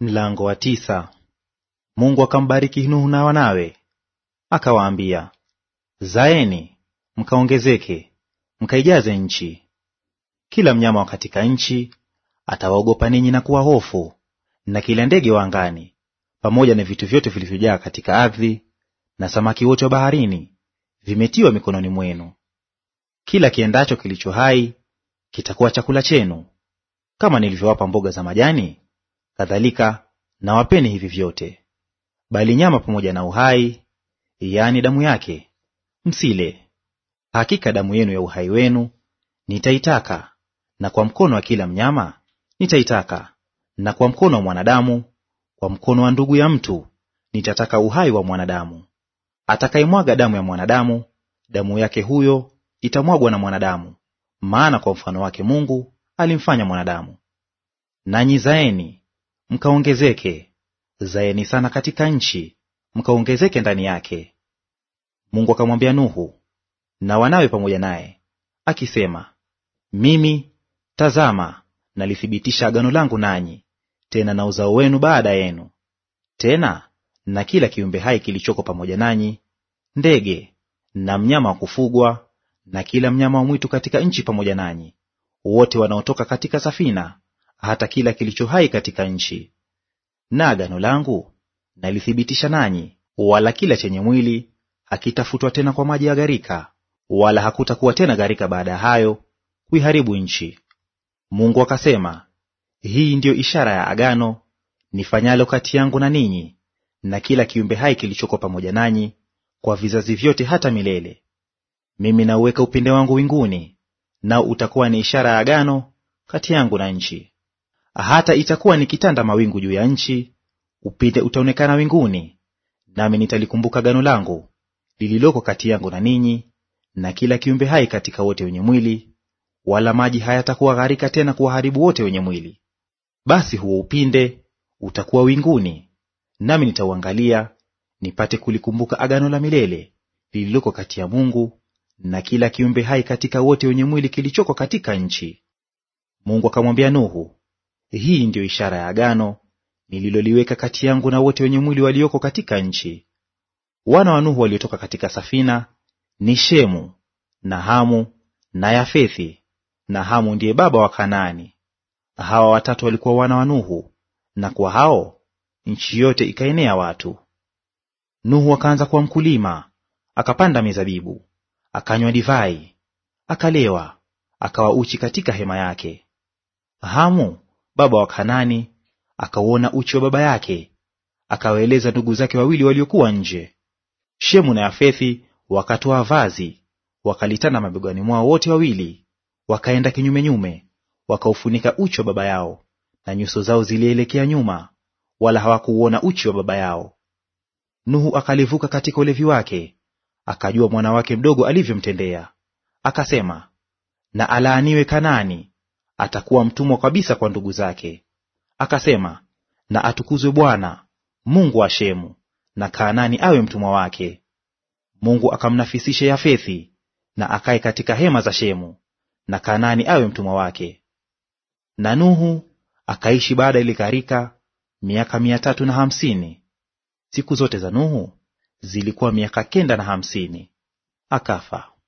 Mlango wa tisa. Mungu akambariki Nuhu na wanawe akawaambia, zaeni mkaongezeke, mkaijaze nchi. Kila mnyama wa katika nchi atawaogopa ninyi na kuwa hofu, na kila ndege wa angani, pamoja na vitu vyote vilivyojaa katika ardhi, na samaki wote wa baharini, vimetiwa mikononi mwenu. Kila kiendacho kilicho hai kitakuwa chakula chenu. Kama nilivyowapa mboga za majani kadhalika na wapeni hivi vyote. Bali nyama pamoja na uhai, yaani damu yake, msile. Hakika damu yenu ya uhai wenu nitaitaka, na kwa mkono wa kila mnyama nitaitaka, na kwa mkono wa mwanadamu, kwa mkono wa ndugu ya mtu nitataka uhai wa mwanadamu. Atakayemwaga damu ya mwanadamu, damu yake huyo itamwagwa na mwanadamu, maana kwa mfano wake Mungu alimfanya mwanadamu. Nanyi zaeni mkaongezeke, zaeni sana katika nchi, mkaongezeke ndani yake. Mungu akamwambia Nuhu na wanawe pamoja naye akisema, mimi tazama, nalithibitisha agano langu nanyi, tena na uzao wenu baada yenu, tena na kila kiumbe hai kilichoko pamoja nanyi, ndege na mnyama wa kufugwa na kila mnyama wa mwitu katika nchi pamoja nanyi, wote wanaotoka katika safina hata kila kilicho hai katika nchi. Na agano langu nalithibitisha nanyi, wala kila chenye mwili hakitafutwa tena kwa maji ya gharika, wala hakutakuwa tena gharika baada ya hayo kuiharibu nchi. Mungu akasema, hii ndiyo ishara ya agano nifanyalo kati yangu na ninyi na kila kiumbe hai kilichoko pamoja nanyi kwa vizazi vyote hata milele. Mimi nauweka upinde wangu winguni, nao utakuwa ni ishara ya agano kati yangu na nchi hata itakuwa nikitanda mawingu juu ya nchi, upinde utaonekana winguni, nami nitalikumbuka gano langu lililoko kati yangu na ninyi na kila kiumbe hai katika wote wenye mwili, wala maji hayatakuwa gharika tena kuwaharibu wote wenye mwili. Basi huo upinde utakuwa winguni, nami nitauangalia, nipate kulikumbuka agano la milele lililoko kati ya Mungu na kila kiumbe hai katika wote wenye mwili kilichoko katika nchi. Mungu akamwambia Nuhu, hii ndiyo ishara ya agano nililoliweka kati yangu na wote wenye mwili walioko katika nchi. Wana wa Nuhu waliotoka katika safina ni Shemu na Hamu na Yafethi, na Hamu ndiye baba wa Kanaani. Hawa watatu walikuwa wana wa Nuhu, na kwa hao nchi yote ikaenea watu. Nuhu akaanza kuwa mkulima, akapanda mizabibu, akanywa divai, akalewa, akawa uchi katika hema yake. Hamu baba wa kanani akauona uchi wa baba yake, akawaeleza ndugu zake wawili waliokuwa nje. Shemu na Yafethi wakatoa vazi, wakalitana mabegani mwao wote wawili, wakaenda kinyumenyume, wakaufunika uchi wa baba yao, na nyuso zao zilielekea nyuma, wala hawakuuona uchi wa baba yao. Nuhu akalivuka katika ulevi wake, akajua mwana wake mdogo alivyomtendea, akasema, na alaaniwe kanani atakuwa mtumwa kabisa kwa ndugu zake. Akasema, na atukuzwe Bwana Mungu wa Shemu, na Kaanani awe mtumwa wake. Mungu akamnafisishe Yafethi, na akae katika hema za Shemu, na Kaanani awe mtumwa wake. Na Nuhu akaishi baada ile gharika miaka mia tatu na hamsini. Siku zote za Nuhu zilikuwa miaka kenda na hamsini, akafa.